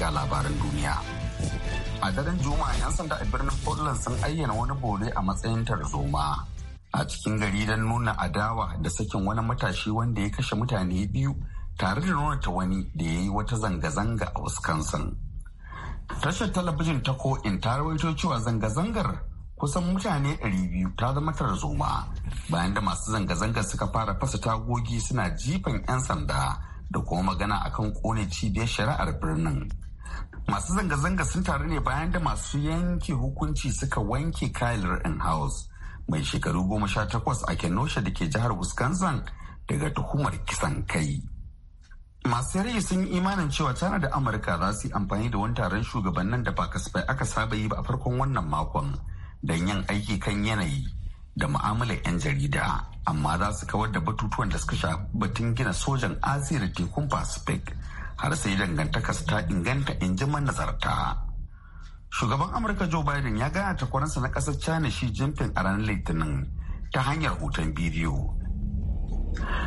ga labaran duniya. A daren Juma'a 'yan sanda a birnin Portland sun ayyana wani bore a matsayin tarzoma. A cikin gari don nuna adawa da sakin wani matashi wanda ya kashe mutane biyu tare da nuna ta wani da ya yi wata zanga-zanga a Wisconsin. Tashar talabijin ta ko'in ta rawaito cewa zanga-zangar kusan mutane 200 ta zama tarzoma bayan da masu zanga-zangar suka fara fasa tagogi suna jifan 'yan sanda da kuma magana akan kone cibiyar shari'ar birnin. masu zanga-zanga sun taru ne bayan da masu yanke hukunci suka wanke kyler in-house mai shekaru goma sha takwas a kenosha da ke jihar wisconsin daga tuhumar kisan kai masu yari sun yi imanin cewa tana da amurka za su yi amfani da wani taron shugabannin da ba kasafai aka saba yi ba a farkon wannan makon don yin aiki kan yanayi da mu'amalar 'yan jarida amma za su kawar da batutuwan da suka shafi batun gina sojan asiya da tekun pacific har sai dangantakarsu ta inganta in ji manazarta. Shugaban Amurka Joe Biden ya gana takwaransa na ƙasar China shi Jinping a ranar Litinin ta hanyar hoton bidiyo.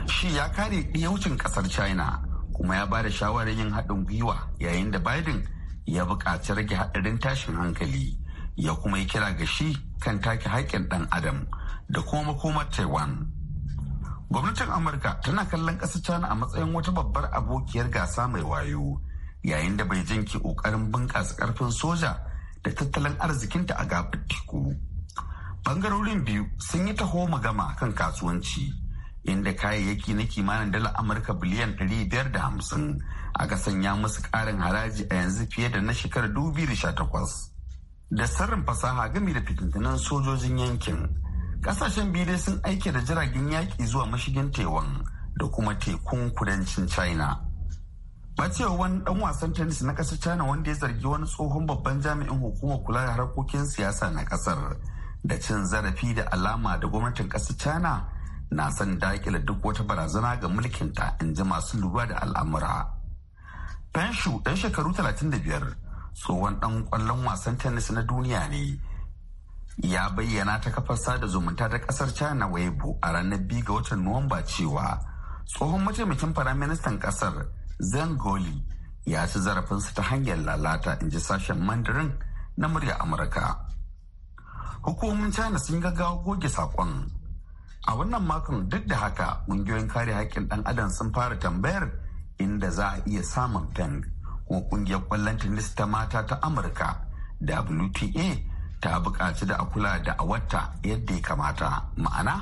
Shi ya kare ɗiyaucin ƙasar China kuma ya bada shawarar yin haɗin gwiwa yayin da Biden ya buƙaci rage haɗarin tashin hankali ya kuma yi kira ga shi kan take haƙƙin ɗan adam da kuma makomar Taiwan. Gwamnatin Amurka tana kallon ƙasar China a matsayin wata babbar abokiyar gasa mai wayo yayin da bai ke ƙoƙarin bunƙasa ƙarfin soja da tattalin arzikinta a gaɓar teku. Bangarorin biyu sun yi taho magama kan kasuwanci inda kayayyaki na kimanin dala Amurka biliyan 550 aka sanya musu ƙarin haraji a yanzu fiye da na shekarar 2018. Da sarrin fasaha game da fitintunan sojojin yankin. kasashen biyu dai sun aike da jiragen yaƙi zuwa mashigin taiwan da kuma tekun kudancin china bacewa wani dan wasan tennis na kasar china wanda ya zargi wani tsohon babban jami'in hukumar kula da harkokin siyasa na kasar da cin zarafi da alama da gwamnatin kasar china na son dakila duk wata barazana ga mulkinta in ji masu lura da al'amura penshu dan shekaru 35 tsohon dan kwallon wasan tennis na duniya ne ya bayyana ta kafar sada zumunta ta kasar china weibo a ranar 2 ga watan nuwamba cewa tsohon mataimakin firaministan kasar zangoli ya ci zarafinsa ta hanyar lalata in ji sashen mandarin na murya amurka hukumomin china sun gaggawa goge sakon a wannan makon duk da haka ƙungiyoyin kare haƙƙin ɗan adam sun fara tambayar inda za a iya samun peng kuma ƙungiyar kwallon tennis ta mata ta amurka wta ta buƙaci da a kula da a wata yadda ya kamata ma'ana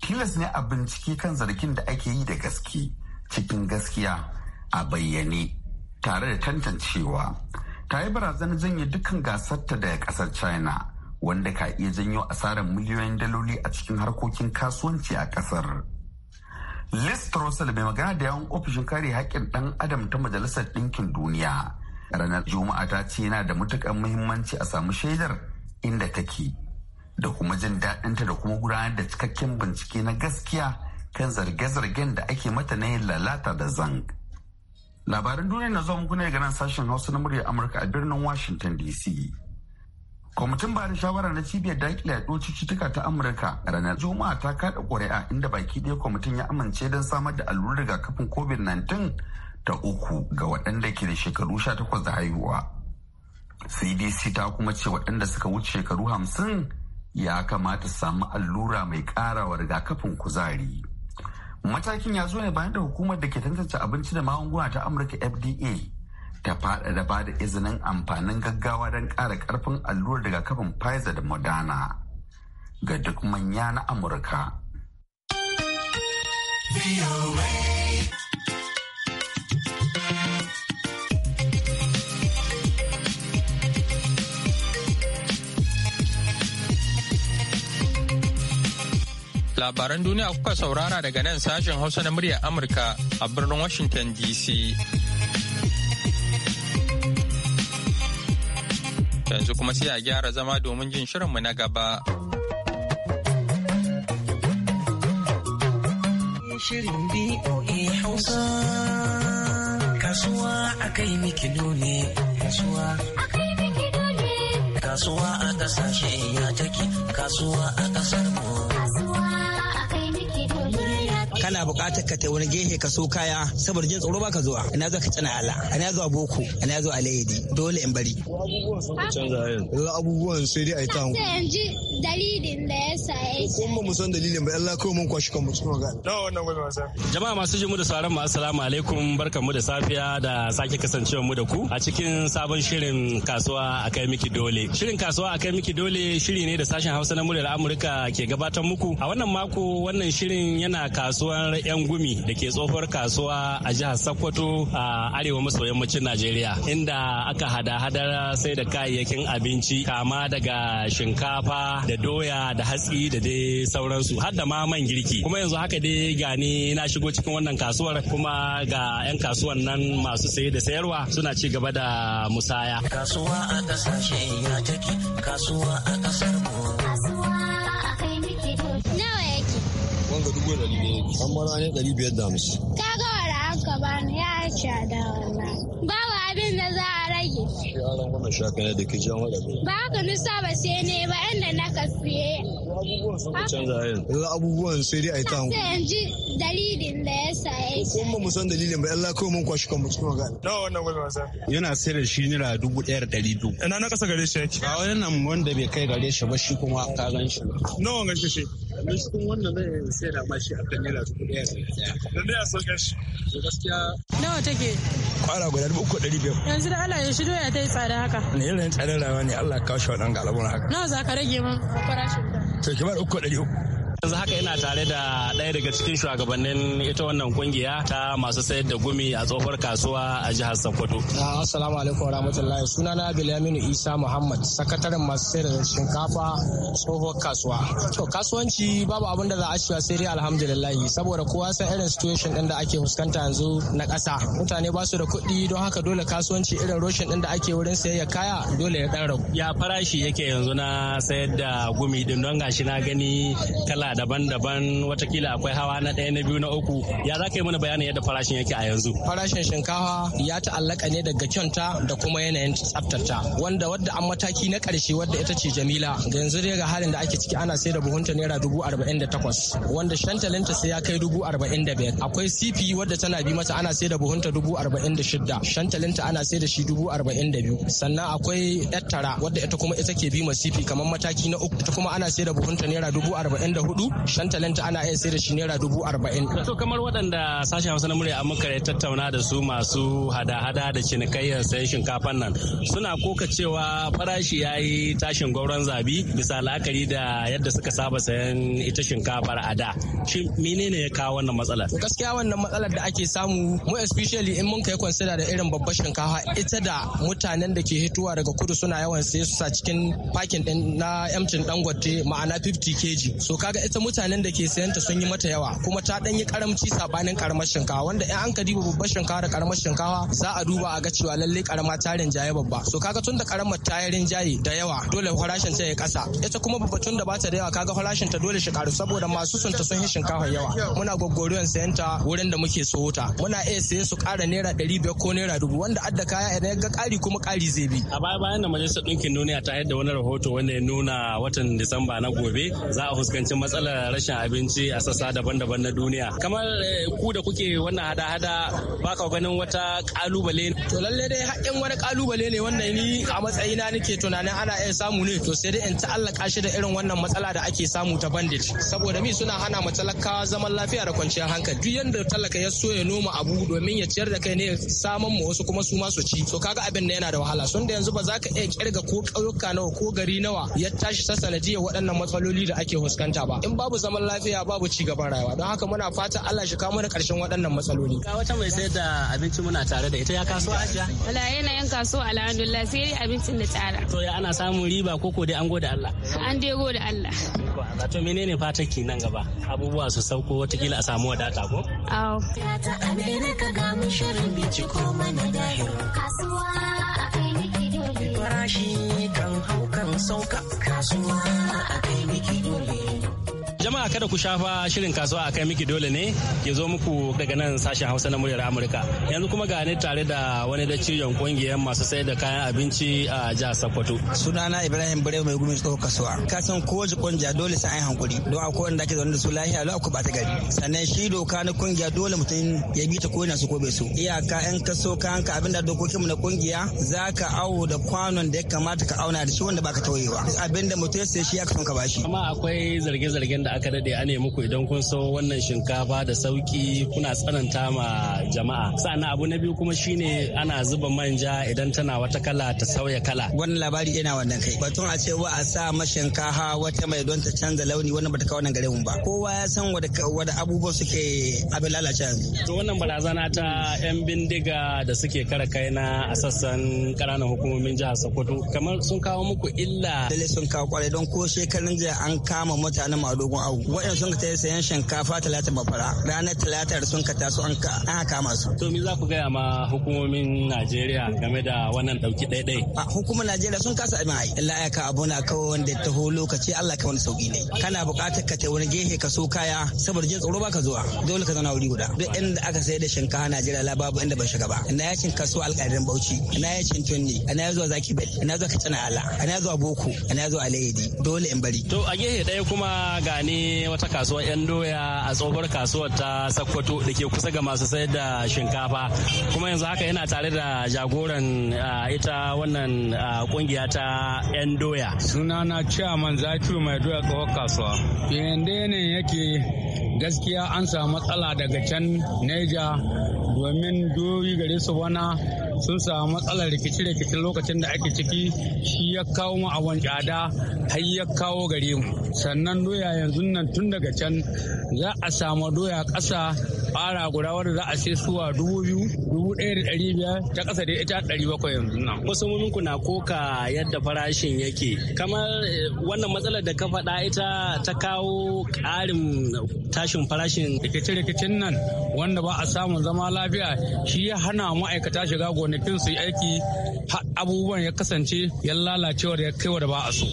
tilas ne a bincike kan zargin da ake yi da gaske cikin gaskiya a bayyane tare da tantancewa ta yi barazanar janye dukkan gasarta daga ƙasar china wanda ka iya janyo asarar miliyoyin daloli a cikin harkokin kasuwanci a ƙasar liz trussell mai magana da yawan ofishin kare haƙƙin ɗan adam ta majalisar ɗinkin duniya ranar juma'a ta ce yana da matuƙar muhimmanci a samu shaidar inda take da kuma jin daɗinta da kuma gudanar da cikakken bincike na gaskiya kan zarge-zargen da ake mata na yin lalata da zang. Labarin duniya na zuwa muku ne nan sashen Hausa na muryar Amurka a birnin Washington DC. Kwamitin ba da shawara na cibiyar daƙile yaɗo cututtuka ta Amurka ranar Juma'a ta kaɗa ƙuri'a inda baki ɗaya kwamitin ya amince don samar da allurar rigakafin COVID-19 ta uku ga waɗanda ke da shekaru sha 18 da haihuwa. cdc ta kuma ce waɗanda suka wuce shekaru hamsin ya kamata su samu allura mai ƙarawa rigakafin kuzari matakin ya zo ne bayan da hukumar da ke tantance abinci da magunguna ta amurka fda ta da ba da izinin amfanin gaggawa don ƙara ƙarfin allurar rigakafin pfizer da moderna ga duk manya na amurka. Labaran duniya kuka saurara daga nan sashen Hausa na muryar Amurka a birnin Washington DC. Yanzu kuma sai a gyara zama domin jin shirinmu na gaba. Kasuwa a kai Kasuwa a kasashe ya take Kasuwa a kasar mu Kasuwa kana buƙatar ka ta wani gehe ka so kaya saboda jin tsoro baka zuwa ina zo ka tsana ala ina zuwa boko ina zuwa alayyadi dole in bari abubuwan sun canza abubuwan sai dai a yi ta hanku dalilin da ya sa ya sa kuma mu san dalilin ba Allah kawai mun kwashi kanmu cikin magana na wannan gobe wasa jama'a masu jimu da sauraron mu assalamu alaikum barkamu da safiya da sake kasancewa mu da ku a cikin sabon shirin kasuwa akai miki dole shirin kasuwa akai miki dole shiri ne da sashen Hausa na muryar Amurka ke gabatar muku a wannan mako wannan shirin yana kasuwa kasuwar 'yan gumi da ke tsohuwar kasuwa a jihar Sokoto a arewa maso yammacin Najeriya inda aka hada-hadar sai da kayayyakin abinci kama daga shinkafa da doya da hatsi da dai sauransu har da ma man girki kuma yanzu haka dai gani na shigo cikin wannan kasuwar kuma ga 'yan kasuwan nan masu saye da sayarwa suna ci gaba da musaya kasuwa a kasashe ya take kasuwa a kasar mu An bar ne ɗari biyar da hamsin. Ta ga wala haka ba ni ya ci a da wannan. Babu abin da za a rage. Yaran wannan shakana da ke jan waɗanda. Ba haka nisa ba sai ne ba inda na ka siye. Abubuwan sun canza yanzu. Yalla abubuwan sai dai a yi ta hankali. Sai yanzu dalilin da ya sa ya ci. Kuma mu san dalilin ba yalla kawai mun kwashi kanmu mu cikin magana. Nawa wannan gwal wasa? Yana sayar da shi nira dubu ɗaya da ɗari biyu. Ina na kasa gare shi yake. Ba wani nan wanda bai kai gare shi ba shi kuma ka gan shi. Nawa gan shi shi? sannan cikin wannan zai sai da mashi a kan naira dubu ɗaya da ɗaya da naira sun ƙarshe gaskiya nawa take kwara guda dubu uku ɗari biyar yanzu da Allah ya shi doya ta yi tsada haka ne irin tsadar rayuwa ne Allah ya kawo shi waɗanda al'amuran haka nawa za ka rage min farashin ta to ki bar uku ɗari uku yanzu haka ina tare da ɗaya daga cikin shugabannin ita wannan kungiya ta masu sayar da gumi a tsohuwar kasuwa a jihar Sokoto. Ah, assalamu alaikum warahmatullahi sunana Bilaminu Isa Muhammad sakataren masu sayar da shinkafa tsohuwar kasuwa. To kasuwanci babu abin da za a cewa sai dai alhamdulillah saboda kowa san irin situation din da ake fuskanta yanzu na ƙasa. Mutane ba su da kuɗi don haka dole kasuwanci irin roshin din da ake wurin sayayya kaya dole ya ɗan rabu. Ya farashi yake yanzu na sayar da gumi din don gashi na gani kala daban-daban watakila akwai hawa na ɗaya na biyu na uku ya za ka yi mana bayanin yadda farashin yake a yanzu farashin shinkafa ya ta'allaka ne daga kyonta da kuma yanayin tsaftarta wanda wadda an mataki na ƙarshe wadda ita ce jamila ga yanzu dai ga halin da ake ciki ana sai da buhunta naira dubu arba'in da takwas wanda shantalinta sai ya kai dubu arba'in da biyar akwai cp wadda tana bi mata ana sai da buhunta dubu arba'in da shidda shantalinta ana sai da shi dubu arba'in da biyu sannan akwai yattara wadda ita kuma ita ke bi ma cp kamar mataki na uku ita kuma ana sai da buhunta naira dubu arba'in da hudu hudu talenta ana iya sai da shi naira dubu arba'in. to kamar waɗanda sashen hausa na murya amurka ya tattauna da su masu hada-hada da cinikayyar sayan shinkafan nan suna koka cewa farashi ya yi tashin gwauron zabi bisa la'akari da yadda suka saba sayan ita shinkafar a da shi menene ya kawo wannan matsalar. gaskiya wannan matsalar da ake samu mu especially in mun kai consider da irin babbar shinkafa ita da mutanen da ke hituwa daga kudu suna yawan sai su cikin pakin din na emcin dangote ma'ana 50 kg so kaga ita mutanen da ke sayanta sun yi mata yawa kuma ta dan yi karamci sabanin karamar shinkawa wanda in an ka duba babbar shinkawa da karamar shinkawa za a duba a ga cewa lalle karama ta rinjaye babba so kaga tun da karamar ta yi rinjaye da yawa dole farashin ta ya kasa ita kuma babba tun da bata da yawa kaga farashin ta dole shi karu saboda masu sun ta sun yi shinkawa yawa muna gogoriyon sayanta wurin da muke so ta muna iya saye su kara naira biyar ko naira dubu wanda adda kaya idan ya ga kari kuma kari zai bi a baya bayan da majalisar ɗinkin duniya ta yadda wani rahoto wanda ya nuna watan disamba na gobe za a fuskanci matsala matsalar rashin abinci a sassa daban-daban na duniya kamar eh, ku da kuke wannan hada-hada ba ka ganin wata kalubale to lalle dai haƙƙin wani kalubale ne wannan ni a matsayina nake tunanin ana iya samu ne to sai dai in ta'allaka shi da irin wannan matsala da ake samu ta bandit saboda mi suna hana talakawa zaman lafiya da kwanciyar hankali duk yanda talaka ya so ya noma abu domin ya ciyar da kai ne samun mu wasu kuma su ma su ci to kaga abin da yana da wahala sun da yanzu ba za ka iya kirga ko ƙauyuka nawa ko gari nawa ya tashi ta jiya waɗannan matsaloli da ake fuskanta ba in babu zaman lafiya babu ci gaban rayuwa don haka muna fata Allah shi kawo da karshen waɗannan matsaloli ga wata mai sayar da abinci muna tare da ita ya kasuwa ajiya wala yanayin kasuwa alhamdulillah sai dai abincin da tsara to ya ana samun riba koko dai an gode Allah an dai gode Allah to menene fatan ki nan gaba abubuwa su sauko watakila a samu wadata ko aw ta amerika ga mun shirin binciko mana dahir kasuwa farashi kan hau kan sauka kasuwa a kai dole Jama'a kada ku shafa shirin kasuwa a kai miki dole ne ya zo muku daga nan sashen Hausa na muryar Amurka. Yanzu kuma ga ni tare da wani dattijon kungiyar masu sayar da kayan abinci a jihar Sokoto. Sunana Ibrahim bure mai gumi tsohon kasuwa. Ka san kowace kungiya dole sai an hankuri don akwai da ke zaune da su lafiya a ku bata gari. Sannan shi doka na kungiya dole mutum ya bi ta ko yana su ko bai so. Iyaka in ka so ka hanka abin da dokokin mu na kungiya za ka awo da kwanon da ya kamata ka auna da shi wanda baka tauyewa. Abin da mutum ya sai shi ya ka son ka bashi. Amma akwai zarge-zargen da aka daɗe a ne muku idan kun so wannan shinkafa da sauki kuna tsananta ma jama'a sa'annan abu na biyu kuma shine ana zuba manja idan tana wata kala ta sauya kala wannan labari yana wannan kai batun a ce wa a sa ma shinkafa wata mai don ta canza launi wannan bata kawo nan gare mu ba kowa ya san wada abubuwa suke abin lalace to wannan barazana ta yan bindiga da suke kare na a sassan ƙananan hukumomin jihar Sokoto kamar sun kawo muku illa dole sun kawo kwarai don ko shekarun jiya an kama mutanen dogon au wa'yan sun ta sayan shinkafa talatin bafara ranar talatar sun ka taso an ka an kama su. to me za ku gaya ma hukumomin najeriya game da wannan ɗauki ɗaiɗai. a hukumar najeriya sun kasa abin ai illa ya ka abu na kawai wanda ta ho lokaci allah ka wani sauki ne kana buƙatar ka ta wani gehe ka so kaya saboda jin tsoro baka zuwa dole ka zauna wuri guda duk inda aka sayar da shinkafa najeriya la babu inda ban shiga ba ina yakin kasuwa alƙarin bauchi ina yakin tunni ina ya zuwa zaki bel ina zuwa katsina ala ina zuwa boko ina zuwa alayyadi dole in bari. to a gehe ɗaya kuma gani wata kasuwar 'yan doya a tsohuwar kasuwar ta sakkwato da ke kusa ga masu sayar da shinkafa kuma yanzu haka yana tare da jagoran ita wannan kungiya ta 'yan doya suna na ciyaman zakiyu mai doya tsohuwar kasuwa yadda ne yake gaskiya an samu matsala daga can neja domin doyi gare su bana sun samu matsalar rikici-rikicin lokacin da ake ciki shi ya kawo mu a wanjada har ya kawo gare mu sannan doya yanzu nan tun daga can za a samu doya ƙasa fara guda wanda za a sai suwa dubu biyu dubu ɗaya da ɗari biyar ta ƙasa da ita ɗari bakwai yanzu nan. Wasu muninku na koka yadda farashin yake kamar eh, wannan matsalar da ka faɗa ita ta kawo ƙarin tashin farashin. Rikice-rikicen nan wanda ba a samun zama lafiya shi ya hana ma'aikata shiga gonakin su aiki abubuwan ya kasance ya lalacewar ya kaiwa da ba a so.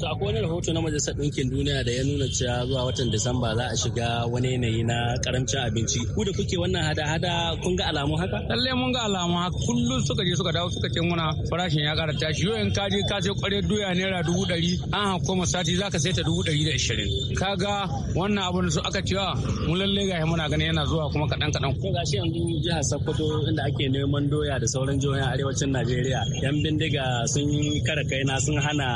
To akwai wani rahoto na Majalisar Ɗinkin Duniya da ya nuna cewa zuwa watan Disamba za a shiga wani yanayi na karamcin abinci ku da kuke wannan hada-hada kun ga alamu haka lalle mun ga alamu haka kullum suka je suka dawo suka ce muna farashin ya kara tashi yau in ka je ka sai kware doya naira dubu ɗari an hako sati zaka sai ta dubu ɗari da ishirin kaga wannan abun da su aka cewa ah, mu lalle ga muna ganin yana zuwa kuma kaɗan kaɗan. to gashi yanzu jihar sokoto inda ake neman doya da sauran jihohin arewacin najeriya yan bindiga sun yi kara kaina sun hana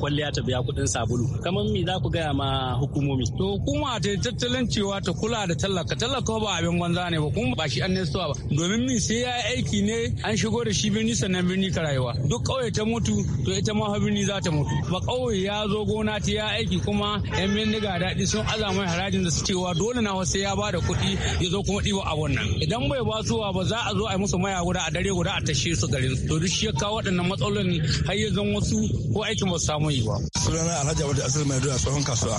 kwalliya ta biya kuɗin sabulu kamar mi za ku gaya ma hukumomi. to hukuma ta tattalin cewa ta kula da tallaka tallaka ba ba abin gwanza ne ba kuma ba shi an nesuwa ba domin min sai ya aiki ne an shigo da shi birni sannan birni ka rayuwa duk ƙauye ta mutu to ita ma birni za ta mutu ba ƙauye ya zo gona ta ya aiki kuma yan bindiga daɗi sun azamai harajin da su cewa dole na wasu ya ba da kuɗi ya zo kuma ɗiba abun nan idan bai ba suwa ba za a zo a yi musu maya guda a dare guda a tashe su garin to duk shi ya kawo waɗannan matsalolin har ya zan wasu ko aikin ba su samu yi ba. sunana alhaji abu da asir mai doya tsohon kasuwa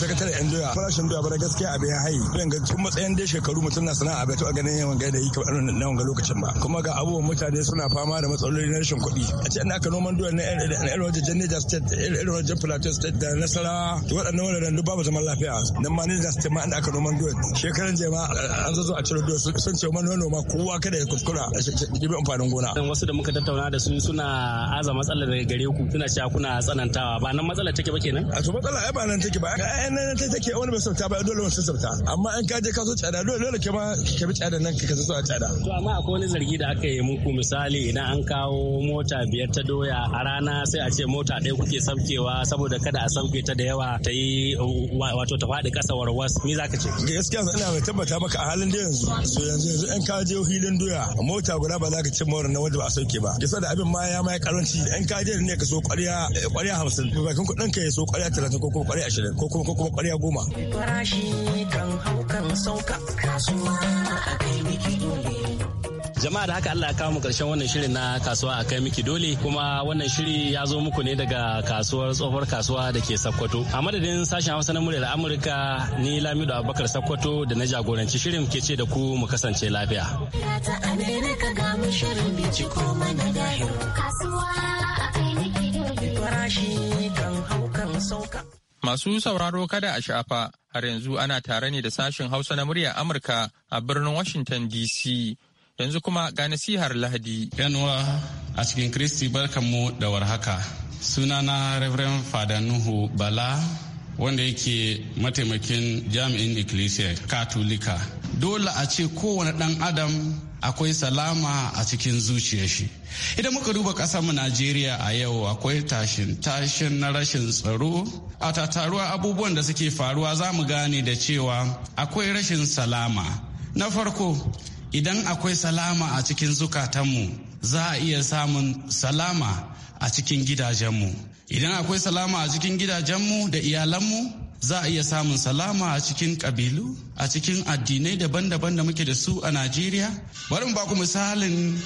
sakatare yan doya farashin doya bara gaskiya abin hayi ga tun matsayin dai shekaru shekaru mutum na sana'a bai taɓa ganin yawan gaida yi kamar na wanga lokacin ba kuma ga abubuwan mutane suna fama da matsaloli na rashin kuɗi a ce ina aka noman doya na irin wajen Niger State irin wajen Plateau State da nasara to waɗannan wuraren duk babu zaman lafiya nan ma Niger State ma inda aka noman doya shekaran jiya eh, an zo a cire doya sun ce manoma noma kowa kada ya kuskura gibi amfanin gona dan wasu da muka tattauna da su suna aza matsalar daga gare ku suna cewa kuna tsanantawa ba nan matsalar take ba kenan a to matsala ai ba nan take ba ai nan take wani bai sauta ba dole wani sun sauta amma in ka je ka zo tsada dole ke ma ka bi tsada nan ka zo a tsada to amma akwai wani zargi da aka yi muku misali idan an kawo mota biyar ta doya a rana sai a ce mota ɗaya kuke samkewa saboda kada a samke ta da yawa ta yi wato ta faɗi ƙasa warwas me zaka ce gaskiya ina mai tabbata maka a halin da yanzu so yanzu yanzu an ka je hilin doya mota guda ba za ka ce mawar na wanda ba a sauke ba kisa da abin ma ya mai karanci an ka je ne ka so ƙwarya eh, ƙwarya hamsin bakin kuɗin ka ya so ƙwarya talatin ko kuma ƙwarya ashirin ko kuma ko kuma ƙwarya goma farashi kan hau kan sauka jama'a da haka Allah ya kawo mu karshen wannan shirin na kasuwa a kai miki dole kuma wannan shiri ya zo muku ne daga kasuwar tsohuwar kasuwa da ke Sokoto a madadin sashen Hausa na muryar Amurka ni Lamido Abubakar Sokoto da na jagoranci shirin ke ce da ku mu kasance lafiya Masu sauraro kada a shafa har yanzu ana tare ne da sashen Hausa na murya Amurka a birnin Washington DC. Yanzu kuma ga nasihar Lahadi. Yanuwa a cikin Kristi barkanmu da warhaka. Sunana Reverend Fada Nuhu Bala wanda yake mataimakin jami'in Ecclesia Katolika. Dole a ce kowane ɗan Adam akwai salama a cikin zuciya shi idan muka duba mu najeriya a yau akwai tashin tashin na rashin tsaro a tattaruwa abubuwan da suke faruwa za mu gane da cewa akwai rashin salama na farko idan akwai salama a cikin zukatanmu za a iya samun salama a cikin gidajenmu idan akwai salama a cikin gidajenmu da iyalanmu za a iya samun salama a cikin kabilu a cikin addinai daban-daban da muke da su a najeriya bari mu ba ku misalin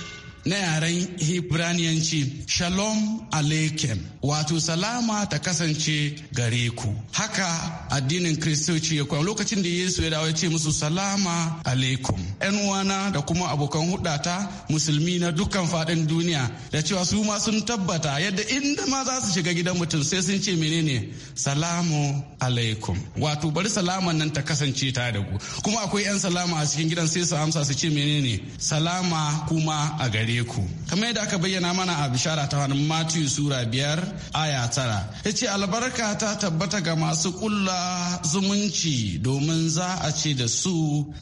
na yaren Hibraniyanci Shalom Aleikem wato salama ta kasance gare ku. Haka addinin Kiristoci ya kwa lokacin da Yesu ya dawo ya ce musu salama alaikum. ‘Yan uwana da kuma abokan hudata musulmi na dukkan faɗin duniya da cewa su ma sun tabbata yadda inda ma za su shiga gidan mutum sai sun ce menene salamu alaikum. Wato bari salaman nan ta kasance ta da ku. Kuma akwai ‘yan salama a cikin gidan sai su amsa su ce menene salama kuma a gare gare ku kamar yadda aka bayyana mana a bishara ta hannun Matthew sura biyar aya tara ya ce albarka ta tabbata ga masu kulla zumunci domin za a ce da su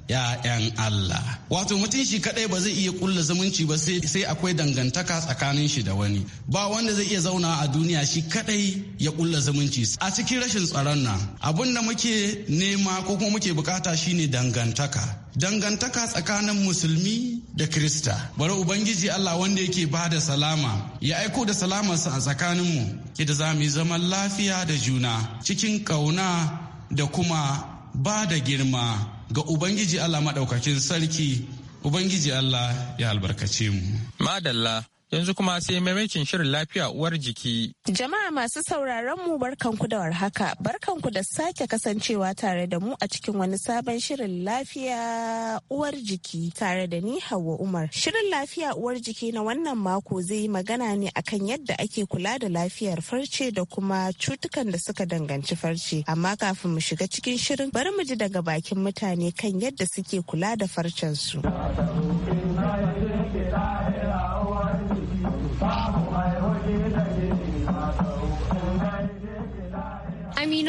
‘ya'yan Allah. Wato mutum shi kadai ba zai iya kulla zumunci ba sai akwai dangantaka tsakanin shi da wani. Ba wanda zai iya zauna a duniya shi kadai ya kulla zumunci. A cikin rashin tsaron nan abin da muke nema ko kuma muke bukata shine dangantaka. Dangantaka tsakanin musulmi da Krista. Bari Ubangiji Allah wanda yake ba da salama ya aiko da salamarsa a tsakaninmu, yadda za mu yi zaman lafiya da juna cikin ƙauna da kuma ba da girma ga Ubangiji Allah maɗaukakin sarki, Ubangiji Allah ya albarkace mu. Madalla Yanzu kuma sai maimakin shirin lafiya uwar jiki. Jama'a masu sauraron mu barkanku da warhaka, barkanku da sake kasancewa tare da mu a cikin wani sabon shirin lafiya uwar jiki tare da ni Hauwa Umar. Shirin lafiya uwar jiki na wannan mako zai yi magana ne akan yadda ake kula da lafiyar farce da kuma cutukan da suka danganci farce. Amma kafin mu shiga cikin shirin bari mu ji daga bakin mutane kan yadda suke kula da farcen su.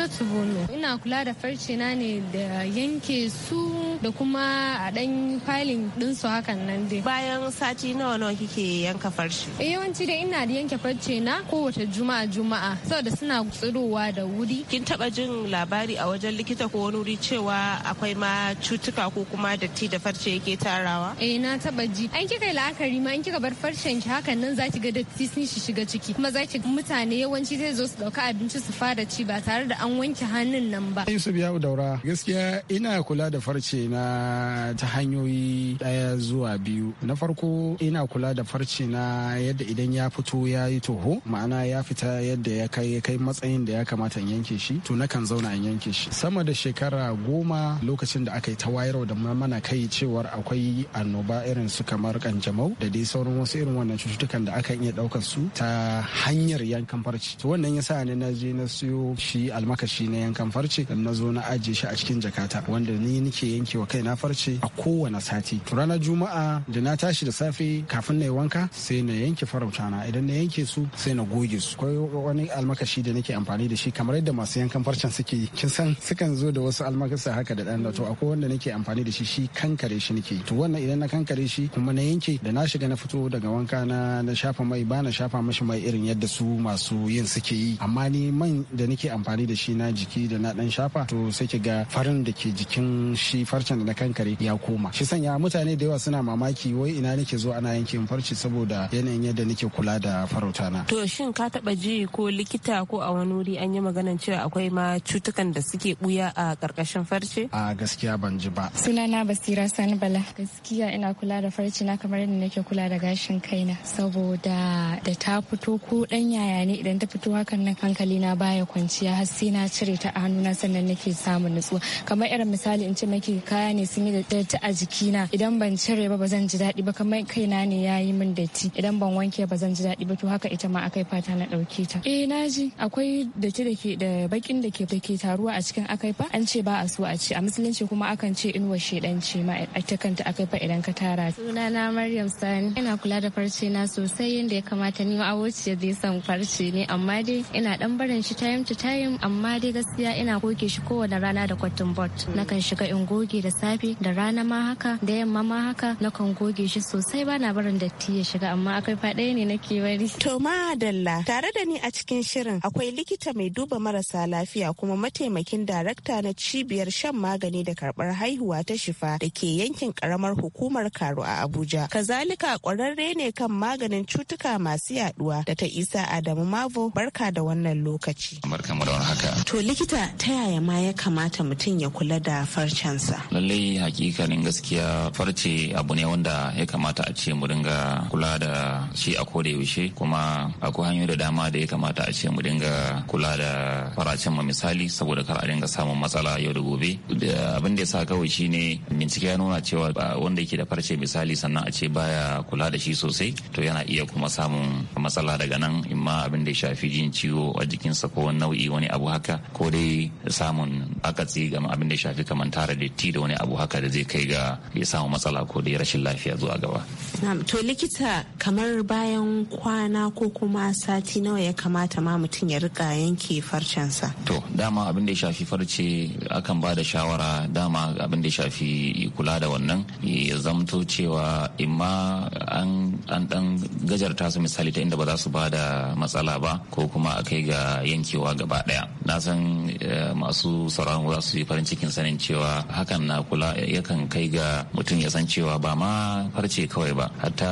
Aminatu Bono. Ina kula da farce na ne da yanke su da kuma a dan filin su hakan nan dai. Bayan sati nawa nawa kike yanka farce? Eh, yawanci dai ina da yanke farce na kowace juma'a juma'a saboda suna tsirowa da wuri. Kin taba jin labari a wajen likita ko wani wuri cewa akwai ma cutuka ko kuma datti da farce yake tarawa? Eh na taba ji. An kika la'akari ma an kika bar farcen ki hakan nan zaki ga datti sun shi shiga ciki kuma zaki mutane yawanci zai zo su dauka abinci su fara ci ba tare da an an wanke hannun nan ba. Yusuf ya daura gaskiya ina kula da farce na ta hanyoyi ɗaya zuwa biyu. Na farko ina kula da farce na yadda idan ya fito ya yi toho ma'ana ya fita yadda ya kai kai matsayin da ya kamata in yanke shi to na kan zauna in yanke shi. Sama da shekara goma lokacin da aka yi ta wayarwa da mana kai cewar akwai annoba irin su kamar kanjamau da dai sauran wasu irin wannan cututtukan da akan iya ɗaukar su ta hanyar yankan farce. To wannan yasa ne na je na siyo shi almaka lokaci na yankan farce na zo na ajiye shi a cikin jakata wanda ni nake yanke wa na farce a kowane sati to ranar juma'a da na tashi da safe kafin na yi wanka sai na yanke farauta na idan na yanke su sai na goge su akwai wani almakashi da nake amfani da shi kamar yadda masu yankan farcen suke yi kin san sukan zo da wasu almakasa haka da dan to akwai wanda nake amfani da shi shi kankare shi nake to wannan idan na kankare shi kuma na yanke da na shiga na fito daga wanka na na shafa mai ba na shafa mashi mai irin yadda su masu yin suke yi amma ni man da nake amfani da shi na jiki da na dan shafa to sai ki ga farin da ke jikin shi farcen da na kankare ya koma shi sanya mutane da yawa suna mamaki wai ina nake zo ana yanke farce saboda yanayin yadda nake kula da farauta na to shin ka taba ji ko likita ko a wani wuri an yi maganan cewa akwai ma cutukan da suke buya a karkashin farce a gaskiya ban ji ba sunana basira sani bala gaskiya ina kula da farce na kamar yadda nake kula da gashin kaina saboda da ta fito ko dan yaya ne idan ta fito hakan nan hankali na baya kwanciya har sai na na cire ta a hannuna sannan nake samun nutsuwa kamar irin misali in ce maki kaya ne sun yi da datti a jikina idan ban cire ba ba zan ji daɗi ba kamar kaina ne ya yi min datti idan ban wanke ba zan ji daɗi ba to haka ita ma akai fata na ɗauke ta eh naji akwai datti da ke da bakin da ke take taruwa a cikin akai fa an ce ba a so a ci a musulunci kuma akan ce inuwa ce ma ita kanta akai fa idan ka tara na Maryam Sani ina kula da farce na sosai yanda ya kamata ni awociyar zai san farce ne amma dai ina dan barin shi time to time amma dai gaskiya ina goge shi kowane rana da cotton na nakan shiga in goge da safe da rana ma haka da yamma ma haka nakan goge shi sosai bana barin datti ya shiga amma akwai faɗaya ne nake bari to madalla tare da ni a cikin shirin akwai likita mai duba marasa lafiya kuma mataimakin darakta na cibiyar shan magani da karbar haihuwa ta shifa da ke yankin karamar hukumar Karo a Abuja. Kazalika kwararre ne kan maganin cutuka masu yaduwa da ta isa Adamu Mavo barka da wannan lokaci. haka. To likita ta yaya ma ya kamata mutum ya kula da farcensa? Lallai hakikanin gaskiya farce abu ne wanda ya kamata a ce mu dinga kula da shi a koda yaushe kuma akwai hanyoyi da dama da ya kamata a ce mu dinga kula da faracen mu misali saboda kar a dinga samun matsala yau da gobe. Abin da ya sa kawai shine bincike ya nuna cewa wanda yake da farce misali sannan a ce baya kula da shi sosai to yana iya kuma samun matsala daga nan in ma abin da ya shafi jin ciwo a jikinsa ko nau'i wani abu haka haka ko dai samun akatsi ga abin da shafi kamar tara datti da wani abu haka da zai kai ga ya samu matsala ko dai rashin lafiya zuwa gaba. to likita kamar bayan kwana ko kuma sati nawa ya kamata ma mutum ya rika yanke farcensa. to dama abin da shafi farce akan ba da shawara dama abin da shafi kula da wannan ya zamto cewa imma an an dan gajarta su misali ta inda ba za su ba da matsala ba ko kuma a kai ga yankewa gaba daya na san eh, masu sauraron za su yi farin cikin sanin cewa hakan na kula yakan kai ga mutum ya san cewa ba ma farce kawai ba hatta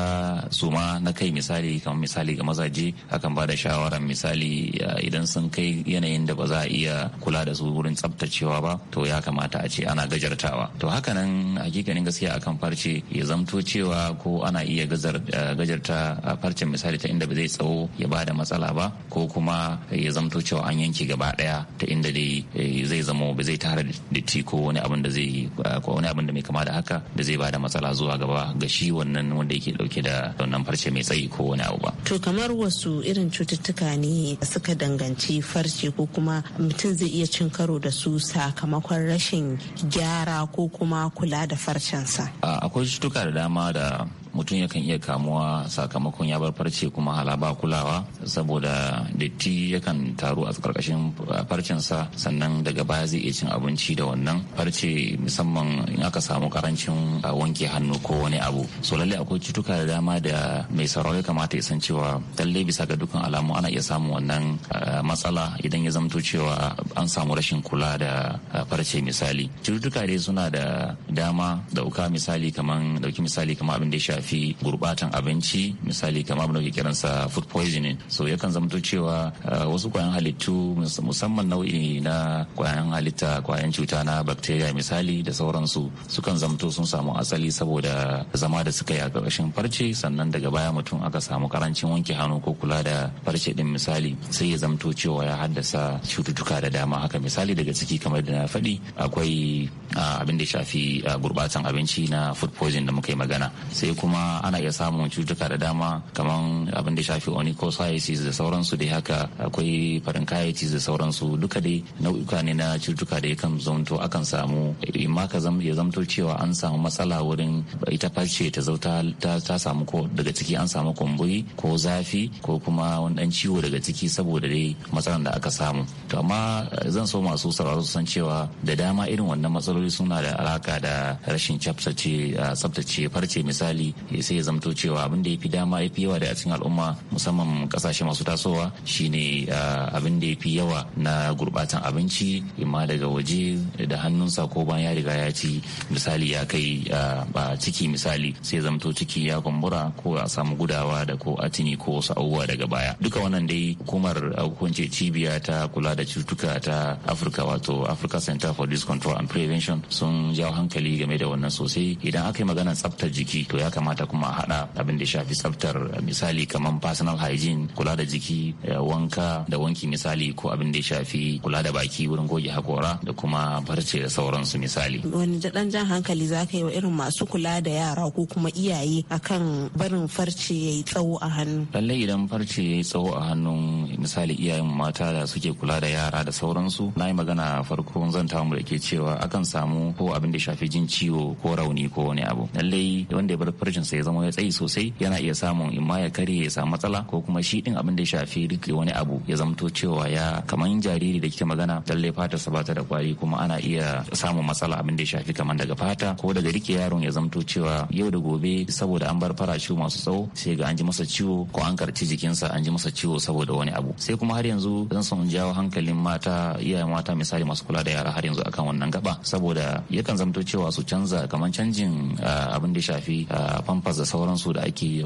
su ma na kai misali kamar misali ga mazaje akan ba da shawarar misali eh, idan sun kai yanayin da ba za a iya kula da su wurin tsaftacewa ba to ya kamata a ce ana gajartawa to hakanan hakikanin gaskiya akan farce ya zamto cewa ko ana iya gazar eh, gajarta a farcen misali ta inda ba zai tsawo ya ba da matsala ba ko kuma ya zamto cewa an yanke gaba daya ta inda dai eh, zai zamo ba zai tara da ko wani abin da zai eh, ko wani abin da mai kama da haka da zai ba da matsala zuwa gaba ga shi wannan wanda yake dauke da wannan farce mai tsayi ko wani abu ba to kamar wasu irin cututtuka ne suka danganci farce ko kuma mutum zai iya cin karo da su sakamakon rashin gyara ko kuma kula da farcensa akwai cututtuka da dama da mutum yakan iya kamuwa sakamakon ya bar farce kuma hala ba kulawa saboda datti yakan taru a karkashin farcensa sannan daga baya zai iya cin abinci da wannan farce musamman in aka samu karancin wanke hannu ko wani abu so lalle akwai cutuka da dama da mai sauraro ya kamata ya san cewa lallai bisa ga dukkan alamu ana iya samun wannan matsala idan ya zamto cewa an samu rashin kula da farce misali cututtuka dai suna da dama dauka misali kaman dauki misali kamar abin da ya shafi gurbatan abinci misali kamar abin da kiransa food poisoning so yakan zamto cewa eh, wasu kwayan halittu musamman nau'i na kwayan halitta kwayan cuta na bacteria misali da sauransu sukan zamto sun samu asali saboda zama da suka yi a gabashin farce sannan daga baya mutum aka samu karancin wanke hannu ko kula da farce din misali sai ya zamto cewa ya haddasa cututtuka da dama haka misali daga ciki kamar da na faɗi akwai ah, abin da ya shafi ah, gurbatan abinci na food poisoning da muka yi magana sai kuma kuma ana iya samun cutuka da dama kamar abin da shafi onychosiasis da sauransu da haka akwai farin pharyngitis da sauransu duka dai nau'uka ne na cutuka da yakan zamto akan samu imma ka ya zamto cewa an samu matsala wurin ita farce ta zauta ta samu ko daga ciki an samu kumburi ko zafi ko kuma wani dan ciwo daga ciki saboda dai matsalan da aka samu to amma zan so masu sauraro san cewa da dama irin wannan matsaloli suna da alaka da rashin tsaftace farce misali sai ya zamto cewa abin da ya fi dama ya fi yawa da a cikin al'umma musamman kasashe masu tasowa shine abin da ya fi yawa na gurbatan abinci imma daga waje da hannunsa ko ban ya riga ya ci misali ya kai a ciki misali sai ya zamto ciki ya kumbura ko a samu gudawa da ko atini ko wasu abubuwa daga baya duka wannan dai hukumar hukunce cibiya ta kula da cututtuka ta afirka wato africa center for disease control and prevention sun jawo hankali game da wannan sosai idan aka yi maganar tsaftar jiki to ya kamata kamata kuma a haɗa abin da shafi tsaftar eh, misali kamar personal hygiene kula da jiki eh, wanka da wanki misali ko abin da shafi kula da baki wurin goge hakora da kuma farce da sauransu misali. Wani dan jan hankali za ka yi wa irin masu kula da yara ko kuma iyaye akan barin farce ya yi tsawo a hannu. Lallai idan farce ya yi tsawo a hannun misali iyayen mata da suke kula da yara da sauransu na yi magana farko zan ta mu da ke cewa akan samu ko abin da shafi jin ciwo ko rauni ko wani abu. Lallai wanda ya bar farce sa ya zama ya tsayi sosai yana iya samun imma ya kare ya samu matsala ko kuma shi din abin da ya shafi rike wani abu ya zamto cewa ya kamar jariri da kike magana lalle fatarsa ba ta da kwari kuma ana iya samun matsala abin da ya shafi kamar daga fata ko daga rike yaron ya zamto cewa yau da gobe saboda an bar farashi masu tsawo sai ga an ji masa ciwo ko an karci jikinsa an ji masa ciwo saboda wani abu sai kuma har yanzu zan son jawo hankalin mata iyaye mata misali masu kula da yara har yanzu akan wannan gaba saboda yakan zamto cewa su canza kamar canjin ah, abin da ya shafi ah, famfas da sauransu da ake yi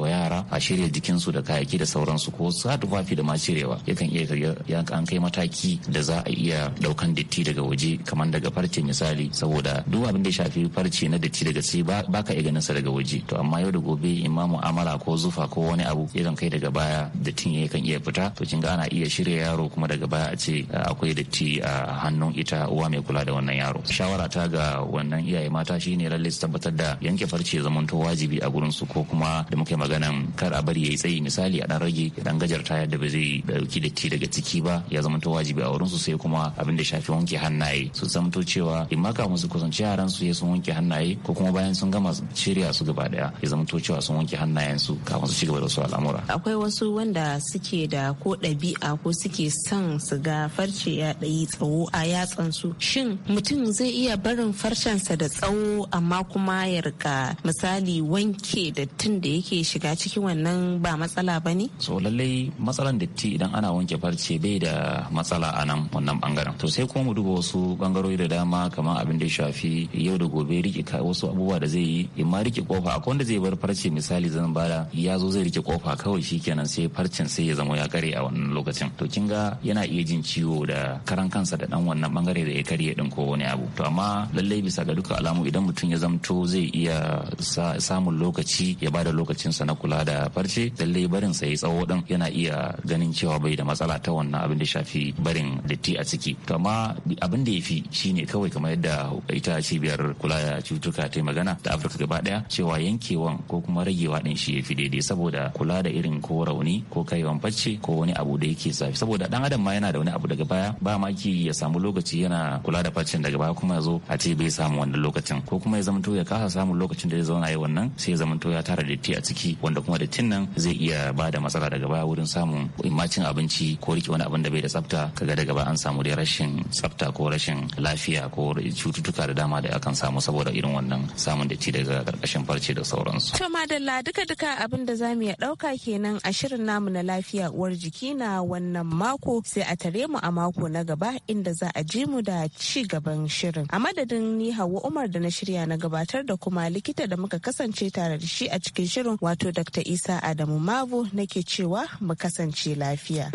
wa yara a shirya jikinsu da kayaki da sauransu ko su tufafi da ma cirewa yakan iya ya an kai mataki da za a iya daukan datti daga waje kamar daga farce misali saboda duk abin da ya shafi farce na datti daga sai ba ka iya ganin sa daga waje to amma yau da gobe imamu amala ko zufa ko wani abu yakan kai daga baya dattin ya kan iya fita to kin ga ana iya shirya yaro kuma daga baya a ce akwai datti a hannun ita uwa mai kula da wannan yaro shawara ta ga wannan iyaye mata shine lalle su tabbatar da yanke farce zamanto wajibi a gurin su ko kuma da muke maganan kar a bari yayi tsayi misali a dan rage ya dan gajarta yadda ba zai dauki datti daga ciki ba ya to wajibi a wurin su sai kuma abin da shafi wanke hannaye su to cewa in ma kafin su kusanci yaran su ya sun wanke hannaye ko kuma bayan sun gama shirya su gaba daya ya zama to cewa sun wanke hannayen su kafin su ci gaba da su al'amura akwai wasu wanda suke da ko ɗabi'a ko suke son su ga farce ya ɗayi tsawo a yatsan su shin mutum zai iya barin farcensa da tsawo amma kuma ya rika misali misali wanke dattin da yake shiga cikin wannan ba matsala ba ne? so lallai matsalan datti idan ana wanke farce bai da matsala a nan wannan bangaren to sai kuma mu duba wasu bangarori da dama kamar abin da ya shafi yau da gobe rike wasu abubuwa da zai yi in ma rike kofa akwai wanda zai bar farce misali zan bada ya zo zai rike kofa kawai shikenan sai farcen sai ya zama ya kare a wannan lokacin to kin ga yana iya jin ciwo da karan kansa da dan wannan bangare da ya karye din ko wani abu to amma lallai bisa ga duka alamu idan mutum ya zamto zai iya sa samun lokaci ya ba da lokacinsa na kula da farce lallai barin sa ya tsawo din yana iya ganin cewa bai da matsala ta wannan abin da shafi barin datti a ciki kama abin da ya fi shine kawai kamar yadda ita cibiyar kula da cututtuka ta magana da afirka gaba daya cewa yankewan ko kuma ragewa din shi ya fi daidai saboda kula da irin ko rauni ko kaiwan facce ko wani abu da yake zafi saboda dan adam ma yana da wani abu daga baya ba ma ki ya samu lokaci yana kula da faccen daga baya kuma ya zo a ce bai samu wannan lokacin ko kuma ya zama to ya kasa samun lokacin da ya zauna yau wannan sai zamanto ya tara datti a ciki wanda kuma dattin nan zai iya ba da matsala daga baya wurin samun imacin abinci ko rike wani abin da bai da tsafta kaga daga baya an samu da rashin tsafta ko rashin lafiya ko cututtuka da dama da akan samu saboda irin wannan samun datti daga karkashin farce da sauransu. To madalla duka duka abin da mu iya ɗauka kenan a shirin namu na lafiya uwar jiki na wannan mako sai a tare mu a mako na gaba inda za a ji mu da ci gaban shirin. A madadin ni Hauwa Umar da na shirya na gabatar da kuma likita da muka kasa kasance tare da shi a cikin shirin wato Dr. Isa Adamu Mavu nake cewa mu kasance lafiya.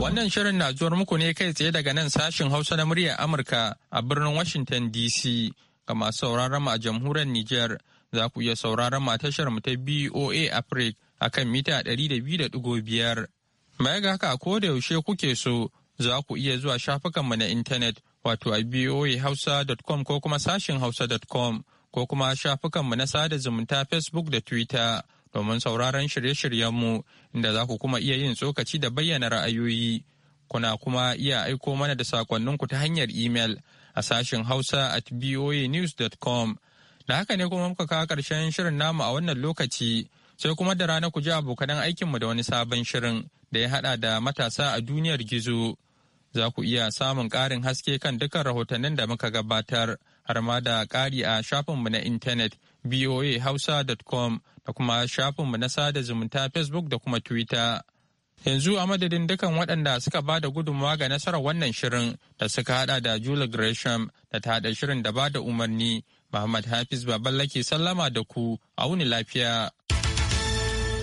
Wannan shirin na zuwar muku ne kai tsaye daga nan sashin Hausa na muryar Amurka a birnin Washington DC ga masu sauraron mu a jamhuriyar Nijar za ku iya sauraron mu a tashar mu ta BOA Africa a kan mita 200.5. Baya ga haka ko da yaushe kuke so za ku iya zuwa shafukanmu na intanet wato a voahausa.com ko kuma sashin hausa.com ko kuma shafukanmu na sada zumunta Facebook da Twitter domin sauraron shirye-shiryenmu inda za ku kuma iya yin tsokaci da bayyana ra'ayoyi. Kuna kuma iya aiko mana da ku ta hanyar email a sashin hausa at voanews.com. Da haka ne kuma muka kawo karshen shirin namu a wannan lokaci. sai kuma da rana ku ji abokanan aikinmu da wani sabon shirin da ya hada da matasa a duniyar gizo. Za ku iya samun ƙarin haske kan dukkan rahotannin da muka gabatar har ma da ƙari a shafinmu na intanet voahausa.com da kuma shafinmu na sada zumunta Facebook da kuma Twitter. Yanzu a madadin dukan waɗanda suka ba da gudunmawa ga nasarar wannan shirin da suka haɗa da Julie Gresham da ta haɗa shirin da ba da umarni, Muhammad Hafiz Baballake sallama da ku, a wuni lafiya.